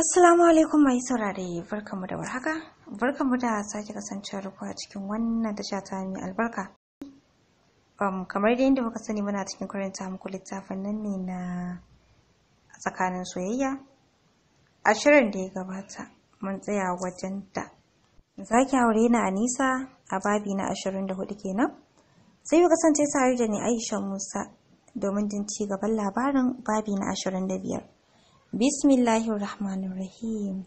Assalamu alaikum mai saurare barkamu da warhaka barkamu da sake kasancewa ku a cikin wannan tasha ta mai albarka um, kamar dai inda muka sani muna cikin karanta muku littafin nan ne na tsakanin soyayya a shirin da ya gabata mun tsaya wajen da zaki aure na Anisa a babi na 24 kenan sai ku kasance tare da ni Aisha Musa domin jin ci gaban labarin babi na 25 Bismillahir Rahmanir Rahim.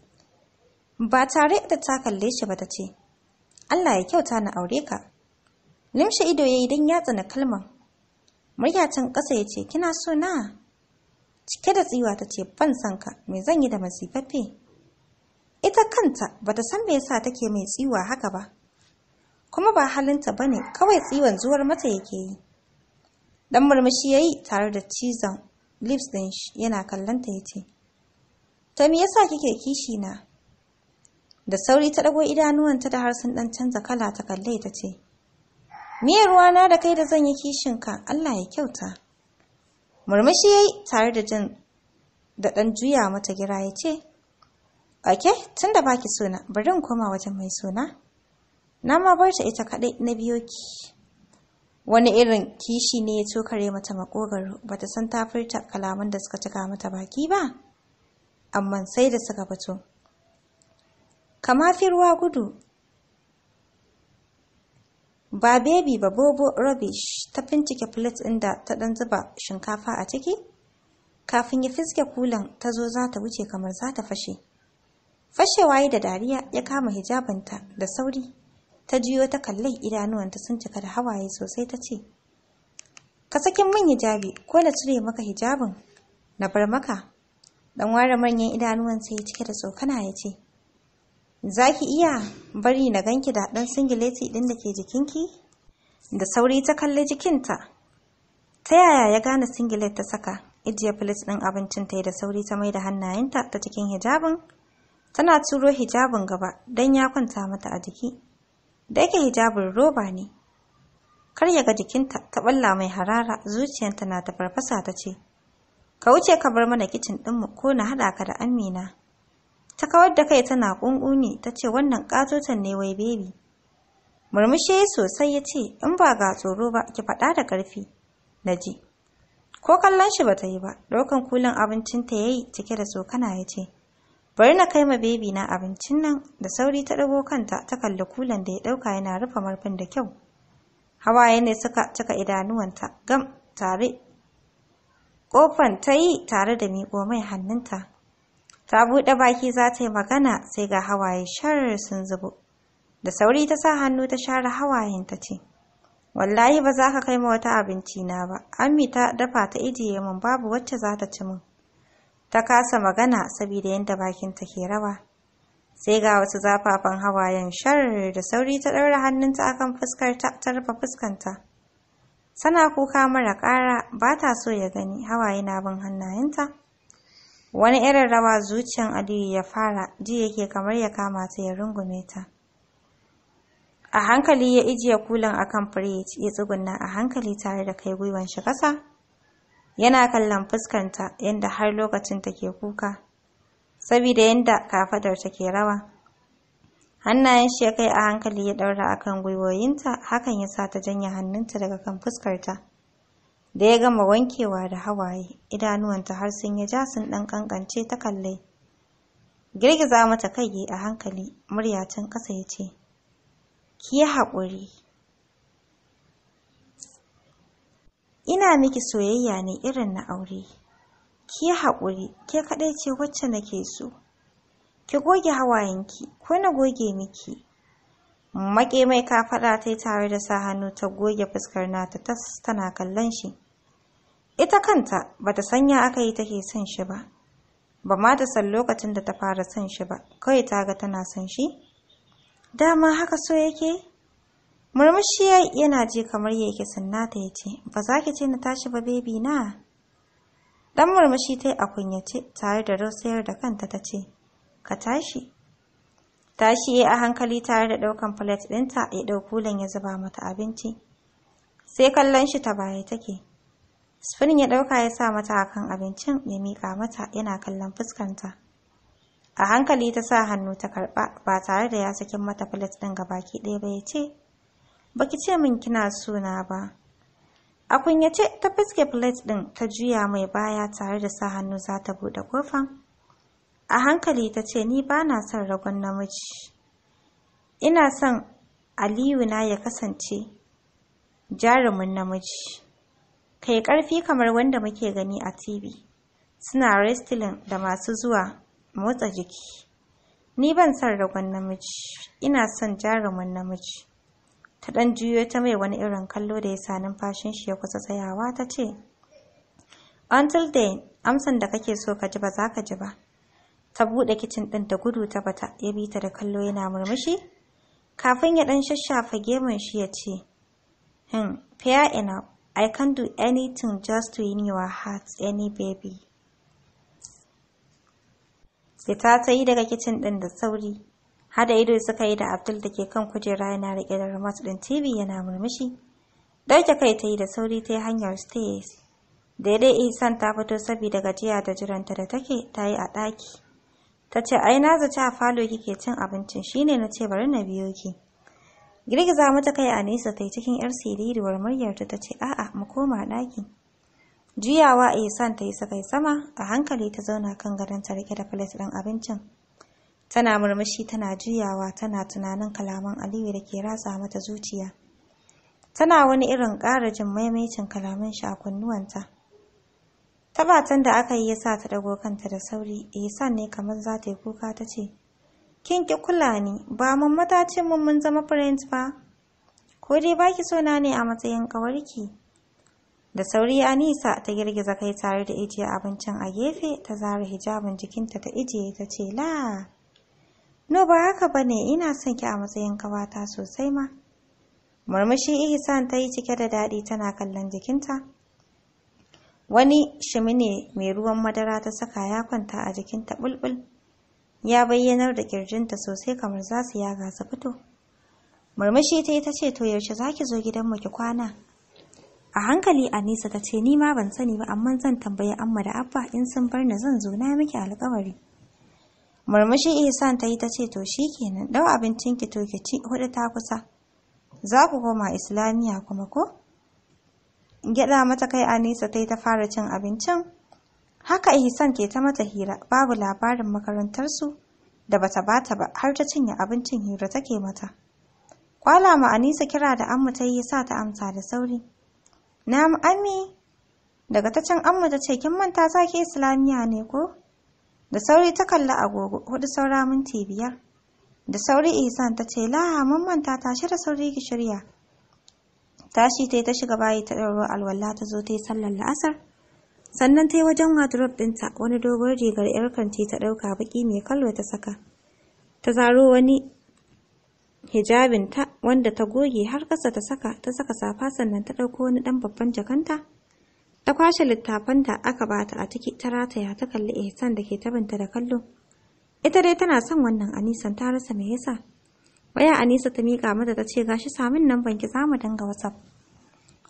Ba tare da ta kalle shi ba ta ce, Allah ya kyauta na aure ka. Limshe ido ya yi don yatsa na kalman. Murya ƙasa ya ce, Kina so na? Cike da tsiwa ta ce, Ban san ka, me zan yi da masifaffe? Ita kanta ba ta san me yasa take mai tsiwa haka ba. Kuma ba halinta ba ne, kawai tsiwon zuwar mata yake yi. Dan murmushi ya yi tare da cizon lips ɗin shi yana kallonta ya ce, ta me yasa kike kishi na da sauri ta dago idanuwanta da har sun dan canza kala ta kalle ta ce ruwa na da kai da zan yi kishin ka Allah ya kyauta murmushi yayi tare da jin da dan juya mata gira ya ce ake tunda baki sona bari in koma wajen mai sona na ma bar ta ita kadai na biyo ki wani irin kishi ne ya cokare mata makogaro bata san ta furta kalaman da suka cika mata baki ba amma sai da suka fito kama firwa gudu ba bebi ba bobo rubbish ta fincike plate ɗin da ta ɗan zuba shinkafa a ciki kafin ya fiske kulan ta zo za ta wuce kamar za ta fashe fashewa yi da dariya ya kama hijabinta da sauri ta juyo ta kalle idanuwanta sun cika da hawaye sosai ta ce ka sakin min hijabi ko na cire maka hijabin na bar maka Dan ware manyan idanuwansa ya cike da tsokana ya ce, Za ki iya bari na ganki da ɗan singileti ɗin da ke jikinki? Da sauri ta kalli jikinta. Ta yaya ya gane singilet ta saka, ijiya filis ɗin abincin ta da sauri ta mai da hannayenta ta cikin hijabin. Tana turo hijabin gaba don ya kwanta mata a jiki. Da yake hijabin roba ne. Kar ya ga jikinta ta ɓalla mai harara zuciyanta na ta farfasa ta ce, ka wuce ka bar mana kicin ɗinmu ko na haɗa ka da amina ta kawar da kai tana ƙunƙuni ta ce wannan katotan ne wai bebi Murmushe sosai ya ce in ba ga tsoro ba ki faɗa da karfi naji ko kallon shi bata yi ba ɗaukan kulan abincin ta yayi cike da tsokana ya ce bari na kai ma bebi na abincin nan da sauri ta ɗago kanta ta kalli kulan da ya ɗauka yana rufe marfin da kyau hawaye ne suka cika idanuwanta gam tare Kofan ta yi tare da miƙo mai hannunta. Ta buɗe baki za ta yi magana sai ga hawaye sharar sun zubo. Da sauri ta sa hannu ta share hawayen ta ce, Wallahi ba za ka kai ma wata abinci na ba, Ami ta dafa ta ijiye min babu wacce za ta ci min. Ta kasa magana saboda yadda ta ke rawa. Sai ga wasu zafafan hawayen sharar da sauri ta ɗaura hannunta akan fuskarta ta rufe fuskanta. Sana kuka mara ƙara ba ta so ya gani hawaye na bin hannayenta. Wani irin rawa zuciyan Aliyu ya fara ji yake kamar ya kama ta ya rungume ta. A hankali ya ijiye kulan akan firij ya tsugunna a hankali tare da kai gwiwan shi ƙasa. Yana kallon fuskanta yadda har lokacin take kuka. Saboda yadda kafadar take rawa. hannayen shi ya kai a hankali ya ɗaura a kan gwiwoyinta hakan ya sa ta janye hannunta daga kan fuskarta da ya gama wankewa da hawaye idanuwanta har sun ya ja sun ɗan ƙanƙance ta kalle girgiza mata kai a hankali murya can ƙasa ya ce ki yi haƙuri ina miki soyayya ne irin na aure ki yi haƙuri ke kaɗai ce wacce nake so ki goge hawayenki ko na goge miki maƙe mai faɗa ta yi tare da sa hannu ta goge fuskar nata tas tana kallon shi ita kanta bata sanya aka yi take son shi ba ba ma ta san lokacin da ta fara son shi ba kawai ta ga tana son shi dama haka so yake murmushi yana ji kamar yake sunnata ya ce ba za ki ce na tashi ba baby na dan murmushi ta yi a tare da rosayar da kanta tace ce ka tashi tashi ya a hankali tare da ɗaukan plate ɗinta ya dauko ya zuba mata abinci sai kallon shi ta baya take Sufin ya ɗauka ya sa mata akan abincin ya mika mata yana kallon fuskanta. A hankali ta sa hannu ta karɓa ba tare da ya sakin mata plate ɗin baki ɗaya ba yace ce, Baki ce min kina suna ba. A yace ta fuske filet ɗin ta juya mai baya tare da sa hannu za ta buɗe kofan. a hankali ta ce ni ba na son ragon namiji ina son aliyu na ya kasance jarumin namiji kai karfi kamar wanda muke gani a tv suna wrestling da masu zuwa motsa jiki ni ban son ragon namiji ina son jarumin namiji ta dan juyo ta mai wani irin kallo da ya sa numfashin shi ya kusa tsayawa ta ce until then amsan da kake so ka ji ba za ka ji ba ta buɗe kicin ɗin da gudu ta bata ya bi ta da kallo yana murmushi kafin ya ɗan shashafa gemun shi ya ce hmm fair enough i can do anything just to win your heart any baby fita ta yi daga kicin ɗin da sauri hada ido suka yi da abdul da ke kan kujera yana riƙe da remote ɗin tv yana murmushi ɗauke kai ta yi da sauri ta yi hanyar stairs daidai isan ta fito saboda gajiya da jiranta da take ta yi a ɗaki ta ce ai na zata a falo kike cin abincin shine na ce bari na biyo ki girgiza mata kai a nesa ta cikin yar siririwar muryarta ta ce a'a mu koma ɗaki juyawa a san ta yi sakai sama a hankali ta zauna kan gadon ta rike da filet ɗin abincin tana murmushi tana juyawa tana tunanin kalaman aliyu da ke ratsa mata zuciya tana wani irin ƙara jin maimaicin kalaman shi a kunnuwanta Tabatan da aka yi ya sa ta dago kanta da sauri, eh, sa ne kamar za ta yi kuka ta ce, Kin ki kula ni, ba mun matace mun mun zama friends ba. Ko dai baki so na ne a matsayin kawarki. Da sauri Anisa ta girgiza kai tare da ijiye abincin a gefe ta zara hijabin jikinta ta ijiye ta ce la. No ba haka bane ina son ki a matsayin kawata sosai ma. Murmushi Ihsan ta yi cike da daɗi tana kallon jikinta. wani shimine mai ruwan madara ta saka ya kwanta a jikin ta bulbul ya bayyanar da kirjinta sosai kamar za su yaga su fito murmushi ta yi ta ce to yaushe za ki zo gidanmu ki kwana a hankali anisa ta ce ni ma ban sani ba amma zan tambayi amma da abba in sun bar ni zan zo na miki alkawari murmushi ihsan ta yi ta ce to shikenan dau abincin ki to ki ci hudu ta kusa za ku koma islamiya kuma ko Gyada mata kai nesa ta yi ta fara cin abincin. Haka Ihsan ke ta mata hira babu labarin makarantarsu da bata bata ba har ta cinye abincin hira take mata. Kwala ma Anisa kira da Amma ta yi sa ta amsa da sauri. Na'am Ami daga ta can Amma ta ce kin manta za ki islamiyya ne ko? Da sauri ta kalla agogo hudu saura minti biyar. Da sauri Ihsan ta ce la mun manta tashi da sauri ki shirya. tashi ta yi ta shiga bayi ta ɗauro alwala ta zo ta yi sallar la'asar sannan ta yi wajen wardrobe ɗinta wani dogon rigar yar kanti ta ɗauka baƙi mai kallo ta saka ta zaro wani hijabinta wanda ta goge har ƙasa ta saka ta saka safa sannan ta ɗauko wani ɗan babban jakanta ta kwashe littafan da aka bata a ciki ta rataya ta kalli ihsan da ke tabanta da kallo ita dai tana son wannan anisan ta rasa me yasa Waya Anisa ta mika mata ta ce gashi samun nan ki zamu mu dinga WhatsApp.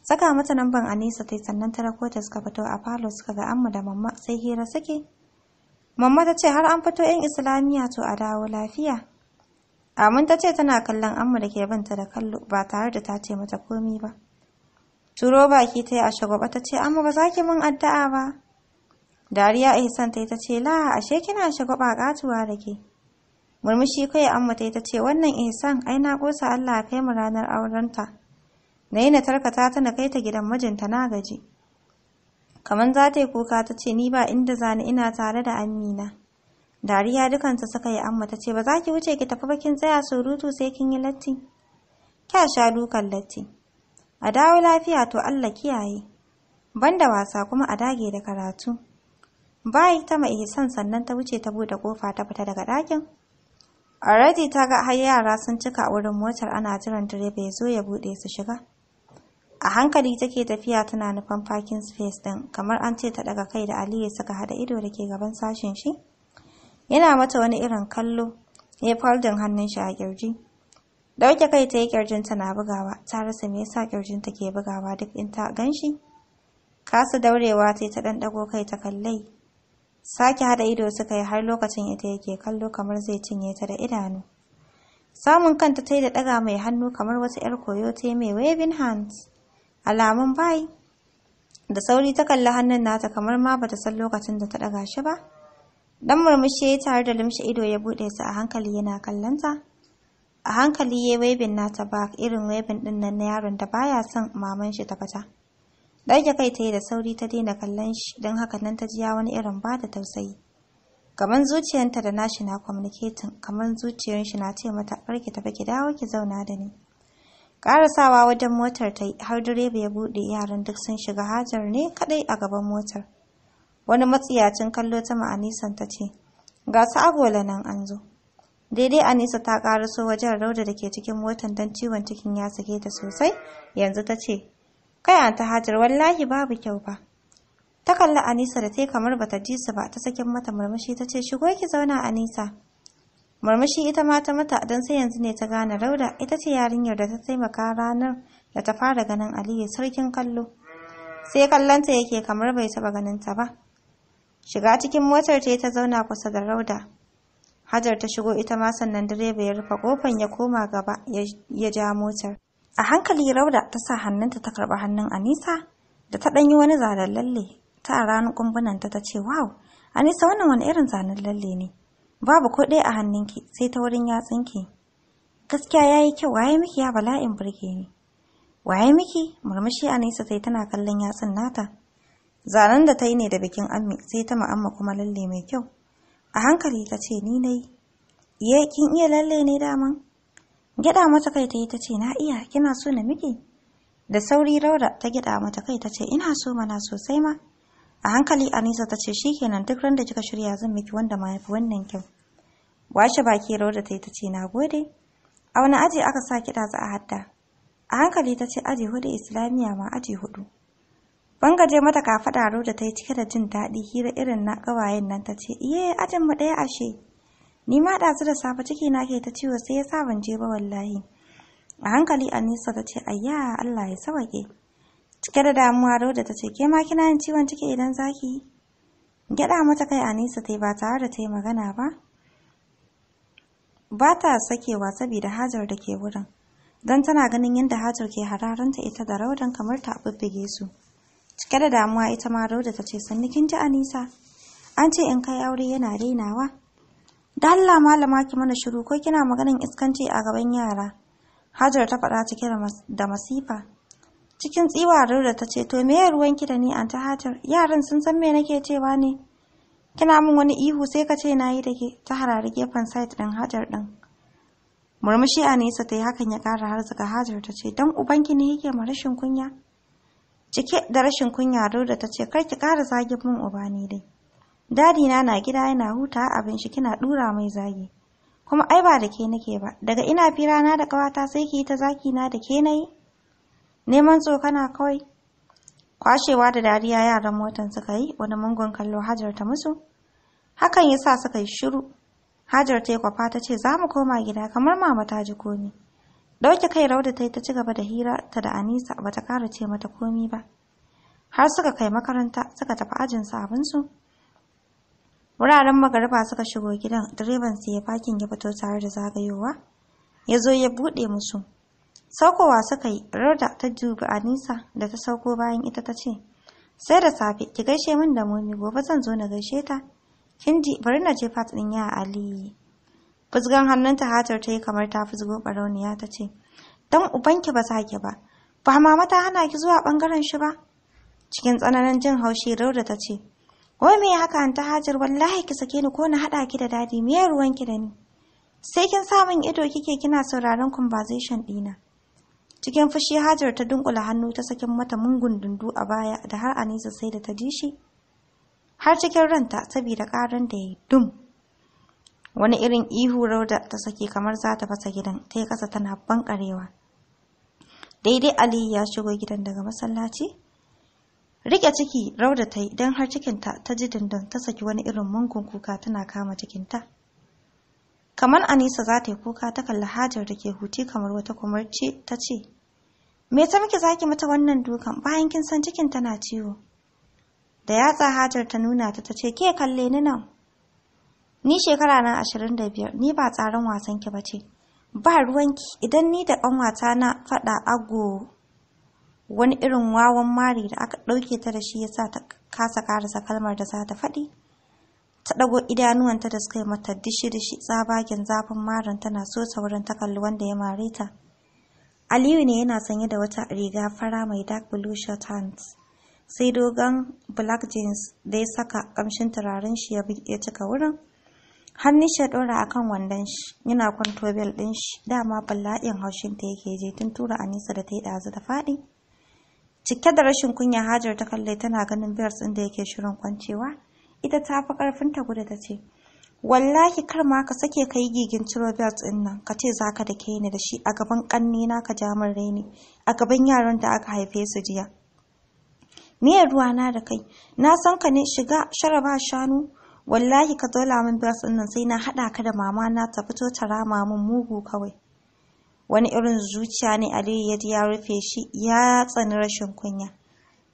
Saka mata namban Anisa ta sannan ta rako ta suka fito a falo suka ga amma da mamma sai hira suke. Mamma ta ce har an fito 'yan Islamiyya to a dawo lafiya. Amin ta ce tana kallon amma da ke banta da kallo ba tare da ta ce mata komi ba. Turo baki ta yi a shagwaba ta ce amma ba za ki min addu'a ba. Dariya Ihsan ta yi ta ce la ashe kina shagwaba katuwa da ke. murmushi kai amma ta ce wannan ihsan ai na kosa Allah kai mu ranar aurenta na yi na tarkata ta na kai ta gidan mijinta na gaji kamar za ta yi kuka ta ce ni ba inda zani ina tare da amina dariya dukansa suka yi amma ta ce ba za ki wuce ki tafi bakin tsaya surutu sai kin yi latti kya sha dukan latti a dawo lafiya to Allah kiyaye banda wasa kuma a dage da karatu bai ta mai ihsan sannan ta wuce ta bude kofa ta fita daga ɗakin already ta ga har yara sun cika wurin motar ana jiran direba ya zo ya bude su shiga a hankali take tafiya tana nufan parking space din kamar an ce ta daga kai da aliyu suka hada ido da ke gaban sashin shi yana mata wani irin kallo ya faldin hannun shi a kirji dauke kai ta yi kirjin na bugawa ta rasa me yasa kirjin ta ke bugawa duk in ta ganshi kasa daurewa ta ta dan dago kai ta kallai sake hada ido suka yi har lokacin ita yake kallo kamar zai cinye ta da idanu samun kanta ta yi da daga mai hannu kamar wata 'yar koyo ta mai waving hands alamun bai da sauri ta kalli hannun nata kamar ma bata san lokacin da ta daga shi ba dan murmushi ya tare da limshe ido ya bude su a hankali yana kallonta? a hankali ya yi waving nata ba irin waving din nan na yaron da baya son maman shi ta fata Dage kai ta yi da sauri ta daina kallon shi don haka nan ta jiya wani irin ba da tausayi. Gaban zuciyarta da nashi na communicating kamar zuciyar shi na ce mata barki tafi ki dawo ki zauna da ni. Karasawa wajen motar ta har direba ya buɗe, yaran duk sun shiga hajar ne kadai a gaban motar. Wani matsiyacin kallo ta ma'anisan ta ce, Ga su agola nan an zo. Daidai Anisa ta karaso wajen rauda da ke cikin motar don ciwon cikin ya sake ta sosai, yanzu ta ce, Kai ta Hajar wallahi babu kyau ba. Ta kalli Anisa da ta kamar bata ji su ba ta sakin mata murmushi ta ce shigo ki zauna Anisa. Murmushi ita ma ta mata don sai yanzu ne ta gane Rauda ita ce yarinyar da ta taimaka ranar da ta fara ganin Aliyu sarkin kallo. Sai kallonta yake kamar bai taba ganin ta ba. Shiga cikin motar ta ta zauna kusa da Rauda. Hajar ta shigo ita ma sannan direba ya rufe kofan ya koma gaba ya ja motar. A hankali Rauda ta sa hannunta ta karɓi hannun Anisa da ta ɗanyi wani zanen lalle ta a ranar kumbunanta ta ce, Wow, Anisa wannan wani irin zanen lalle ne. Babu ko ɗaya a hannunki sai ta wurin yatsunki. Gaskiya ya yi kyau waye miki ya bala'in burge ni. Waye miki murmushi Anisa sai tana kallon yatsun nata. Zanen da ta yi ne da bikin ammi sai ta ma'amma kuma lalle mai kyau. A hankali ta ce ni nayi. Ye kin iya lalle ne daman? Gyada mata kai ta yi ta ce, Na iya, kina so na miki? Da sauri Laura ta gyada mata kai ta ce, Ina so mana sosai ma. A hankali Anisa ta ce, shi kenan duk ran da kika shirya zan miki wanda ma yafi wannan kyau. Washe baki Raura ta yi ta ce, Na gode. A wani aji aka sa kiɗa za a hadda. A hankali ta ce, Aji hudu Islamiyya ma aji hudu. Bangaje mata kafaɗa Raura ta yi cike da jin daɗi hira irin na ƙawayen nan ta ce, Iye, ajinmu ɗaya ashe. ni ma ɗazu da safe ciki na ke ta ciwo sai ya sa ban je ba wallahi a hankali anisa ta ce ayya allah ya sawake cike da damuwa roda ta ce ke ma kina yin ciwon ciki idan zaki gyaɗa mata kai anisa ta yi ba tare da ta yi magana ba ba ta sakewa saboda hajar da ke wurin don tana ganin yadda hajar ke hararanta ita da raudan kamar ta bubbuge su cike da damuwa ita ma rauda ta ce sannu kin ji anisa an ce in kai aure yana renawa da Allah malama ki mana shiru ko kina maganin iskanci a gaban yara Hajar ta faɗa cike da masifa cikin tsiwarar da ta ce to me ya ki da ni anta Hajar yaran sun san me nake cewa ne kina min wani ihu sai ka ce nayi da ke ta harare gefen site din Hajar din murmushi a nesa ta yi hakan ya ƙara harzuka Hajar ta ce dan ubanki ne yake ma rashin kunya cike da rashin kunya da ta ce kar ki kara zagin min uba dai dadina na gida yana huta abin shi kina dura mai zagi kuma ai ba da ke nake ba daga ina fi na da ƙawata sai ki ta zaki na da ke nayi neman tsokana kawai kwashewa da dariya yaran motan suka yi wani mungon kallo hajar ta musu hakan yasa suka yi shiru hajar ta yi kwafa ta ce za mu koma gida kamar mama ta ji komi ɗauke kai rauda ta yi ta cigaba da hira ta da anisa ba ta ƙara ce mata komi ba har suka kai makaranta suka tafi ajinsu abinsu Wuraren magariba suka shigo gidan, direban sai ya fakin ya fito tare da zagayowa. Ya zo ya buɗe musu. Saukowa suka yi, rauda ta dubi Anisa da ta sauko bayan ita ta ce, Sai da safe, ki gaishe min da momi gobe zan zo na gaishe ta. Kin ji, bari na je fat ɗin ya Ali. Fusgan hannunta hatar ta yi kamar ta fusgo barauniya ta ce, Dan ubanki ba sa ki ba, ba mama ta hana ki zuwa ɓangaren shi ba. Cikin tsananin jin haushi Rauda ta ce, wai me haka ta hajar wallahi ki sake ni ko na haɗa ki da dadi me ruwan ki da ni sai kin sa min ido kike kina sauraron conversation ɗina cikin fushi hajar ta dunkula hannu ta sakin mata mungun dundu a baya da har anisa sai da ta ji har cikin ranta saboda ƙaran da ya dum wani irin ihu rauda ta sake kamar za ta fasa gidan ta yi ƙasa tana bankarewa daidai aliyu ya shigo gidan daga masallaci Rike ciki rauda ta yi don har cikinta ta ji dindin ta saki wani irin mungun kuka tana kama cikinta. Kamar Anisa za ta yi kuka ta kalli Hajar da ke huti kamar wata kumarci ta ce, Me ta miki zaki mata wannan dukan bayan kin san cikin tana ciwo? Da yatsa Hajar ta nuna ta ta ce, Ke kalle ni nan? Ni shekara na ashirin da biyar, ni ba tsarin wasan ki ba ce. Ba ruwanki idan ni da wata na faɗa ago wani irin wawan mari da aka ɗauke ta da shi ya sa ta kasa karasa kalmar da za ta faɗi ta ɗago idanuwanta da suka yi mata dishi-dishi tsabagen zafin marin tana so saurin ta kalli wanda ya mare ta aliyu ne yana sanye da wata riga fara mai dark blue shirt hands sai dogon black jeans da ya saka kamshin turaren shi ya cika wurin hannun shi ya ɗora a kan wandon shi yana kwanto bel ɗin shi dama bala'in haushinta yake je tun tura anisa da ta yi ɗazu da faɗi Cike da rashin kunya Hajar ta kalle tana ganin Bears ɗin da yake shirin kwancewa. Ita ta fi ƙarfin ta gudu ta ce, Wallahi kar ma ka sake ka yi gigin ciro Bears ɗin nan, ka ce za da ke ni da shi a gaban ƙanni na ka ja min raini, a gaban yaran da aka haife su jiya. Miye na da kai, na san ka ne shiga sharaba shanu, wallahi ka dola min Bears ɗin nan sai na haɗa ka da mama na ta fito ta rama min mugu kawai. wani irin zuciya ne aliyu ya rufe shi ya tsani rashin kunya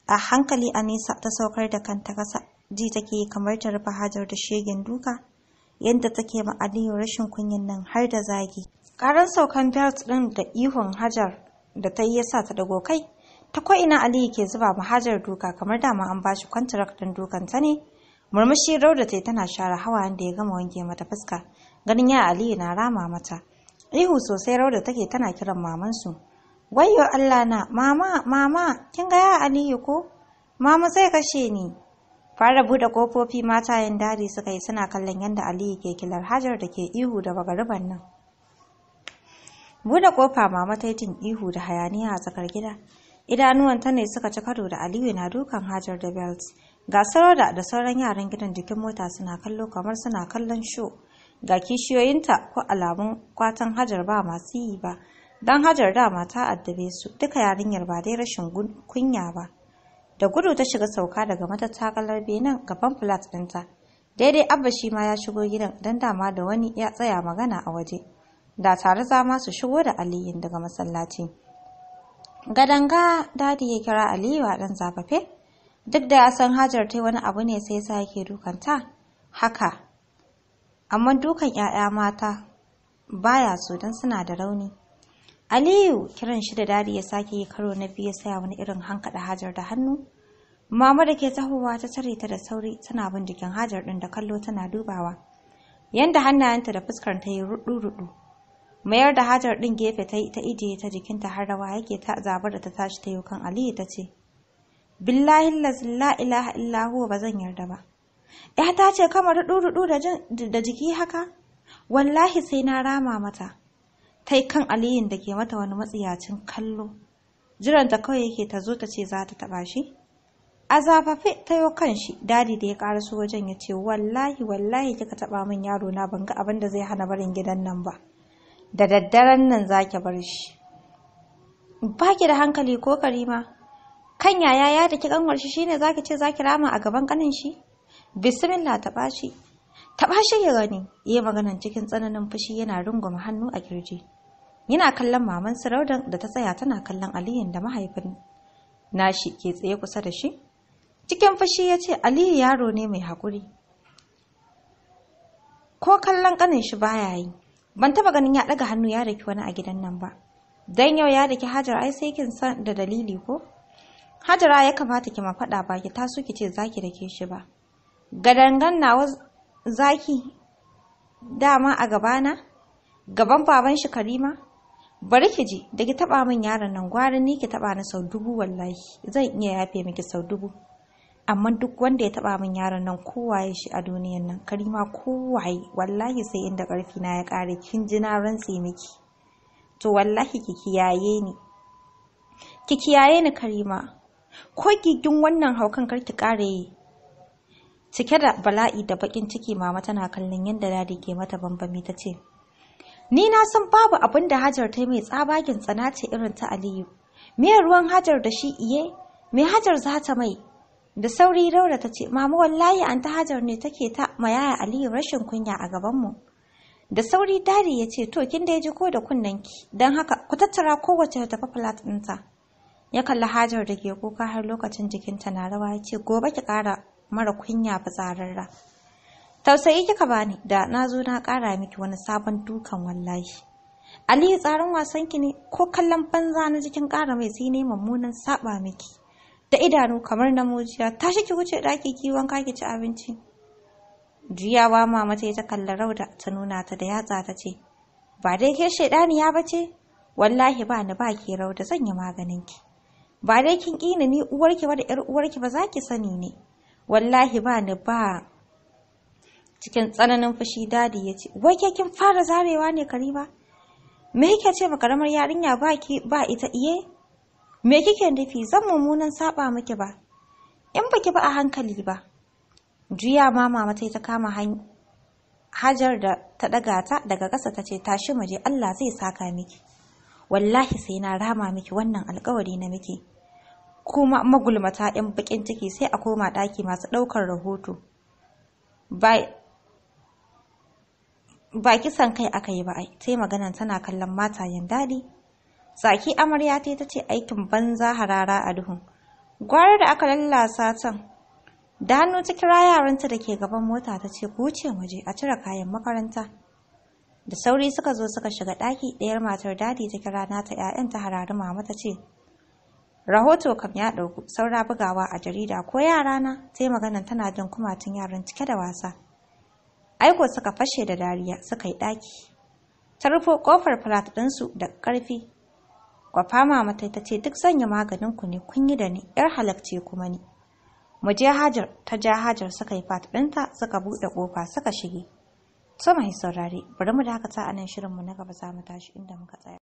a hankali a nisa ta saukar da kanta kasa ji take kamar ta rufe hajar da shegen duka yadda take ma aliyu rashin kunyan nan har da zagi karan saukan belt din da ihun hajar da ta yi sa ta dago kai ta ko'ina aliyu ke zuba ma hajar duka kamar dama an bashi kwantarak din ta ne murmushi rauda ta tana share hawa da ya gama wanke mata fuska ganin ya aliyu na rama mata Ihu sosai Rauda take tana kiran mamansu. Wayyo Allah na, mama, mama, kin ga ya Aliyu ko? Mama zai kashe ni. Fara buɗe kofofi mata yin dari suka yi suna kallon yadda Aliyu ke kilar hajar da ke ihu da bagariban nan. buɗe kofa mama ta yi ihu da hayaniya a tsakar gida. Idanuwanta ne suka ci karo da Aliyu na dukan hajar da belt. Ga sarauda da sauran yaran gidan jikin mota suna kallo kamar suna kallon sho. ga kishiyoyinta ko alamun kwatan hajar ba masu yi ba don hajar dama ta addabe su duka yarinyar ba dai rashin kunya ba da gudu ta shiga sauka daga matattakalar benin gaban flat ɗinta daidai abba shi ma ya shigo gidan don dama da wani ya tsaya magana a waje da tare za ma su shigo da aliyin daga masallaci gadanga dadi ya kira aliyu a ɗan zafafe duk da ya san hajar ta wani abu ne sai sa yake dukanta haka amma dukan 'ya'ya mata baya so don suna da rauni aliyu kiran shi da dadi ya sake yi karo na biyu saya wani irin hankada hajar da hannu mama da ke tahowa ta tare ta da sauri tana bin jikin hajar ɗin da kallo tana dubawa yanda hannayenta da fuskar ta yi ruɗu-ruɗu. mayar da hajar ɗin gefe ta ta ijiye ta jikinta har rawa yake ta zabar da ta tashi ta kan aliyu ta ce billahi la ilaha illahu ba zan yarda ba Ya ta ce kamar ruɗu-ruɗu da jiki haka? Wallahi sai na rama mata, ta yi kan aliyin da ke mata wani matsiyacin kallo, jiranta kawai yake ta zo ta ce za ta taɓa shi? A zafafe ta yi kan shi, dadi da ya su wajen ya ce, Wallahi, wallahi kika taɓa min yaro na ban ga abin da zai hana barin gidan nan ba, da daddaren nan za ki bar shi. Ba ki da hankali ko karima, kan yaya ya da ki ƙanwar shi shine za ki ce za ki rama a gaban ƙanin shi? bismillah ta bashi ta bashi ya gani iya maganan cikin tsananin fushi yana runguma hannu a kirji yana kallon maman saraudan da ta tsaya tana kallon Aliyu, da mahaifin nashi ke tsaye kusa da shi cikin fushi ya ce aliyu yaro ne mai haƙuri ko kallon ƙanin shi baya yi ban taba ganin ya ɗaga hannu ya daki wani a gidan nan ba dan yau ya daki hajara ai sai kin san da dalili ko hajara ya kamata ki ma faɗa ba ki taso ki ce zaki dake shi ba gadangan nawa zaki dama a gabana gaban baban shi karima bari ki ji da ki taba min yaron nan gwari ni ki taba ni sau dubu wallahi zan iya yafe miki sau dubu amma duk wanda ya taba min yaron nan kowaye shi a duniyan nan karima kowaye wallahi sai inda karfi na ya kare kin ji na rantsi miki to wallahi ki kiyaye ni ki kiyaye ni karima ko gigin wannan haukan kar ki kare cike da bala'i da bakin ciki mama tana kallon yadda dadi ke mata bambami ta ce ni na san babu abin da hajar ta mai tsabagen tsana ce irin ta aliyu me ruwan hajar da shi iye me hajar za ta mai da sauri raura ta ce mama wallahi an ta hajar ne take ta mayaya aliyu rashin kunya a gabanmu da sauri dadi ya ce to kin da ji ko da ki don haka ku tattara kowace ta tafi flat ɗinta ya kalli hajar da ke kuka har lokacin jikinta na rawa ya ce gobe ki ƙara mara kunya fitsararra tausayi kika bani da na zo na ƙara miki wani sabon dukan wallahi aliyu tsarin wasan ki ne ko kallon banza na jikin ƙara mai sai ne mummunan saba miki da idanu kamar na mujiya tashi ki wuce ɗaki ki wanka ki ci abinci juyawa mama ta ta kalla rauda ta nuna ta da yatsa ta ce ba dai ke shaidaniya ya bace? wallahi ba ni ba ki rauda zan yi maganin ki ba dai kin ƙina ni uwarki ba da ƴar uwarki ba za ki sani ne wallahi ba ni ba cikin tsananin fushi dadi ya ce wai ke kin fara zarewa ne kariba me kike ce ba karamar yarinya ba ki ba ita iye me kike nufi zan mummunan saba miki ba in baki ba a hankali ba juya ma mama ta kama hajar da ta daga ta daga ƙasa ta ce tashi mu je Allah zai saka miki wallahi sai na rama miki wannan alƙawari na miki kuma magulmata 'yan bakin ciki sai a koma ɗaki masu ɗaukar rahoto ba kisan kai aka yi ba ai sai maganan tana kallon matayen daɗi Zaki amarya ta ta ce aikin banza harara a duhun gwarar da aka lallasa can da hannu ta kira yaranta da ke gaban mota ta ce ku wuce waje a cire kayan makaranta da sauri suka zo suka shiga ɗaki ɗayar matar dadi ta kira nata 'ya'yan ta harari mama ta ce rahoto kam ya ɗauku saura bugawa a jarida ko yarana sai maganan tana jin kumatun yaran cike da wasa aiko suka fashe da dariya suka yi ɗaki ta rufo ƙofar flat ɗinsu da ƙarfi kwafa mama ta ce duk sanya maganin ku ne kun yi da ni ƴar halakce kuma ni mu je hajar ta ja hajar suka yi fat ɗinta suka buɗe ƙofa suka shige sama mai saurare bari mu dakata a nan shirinmu na gaba za mu tashi inda muka tsaya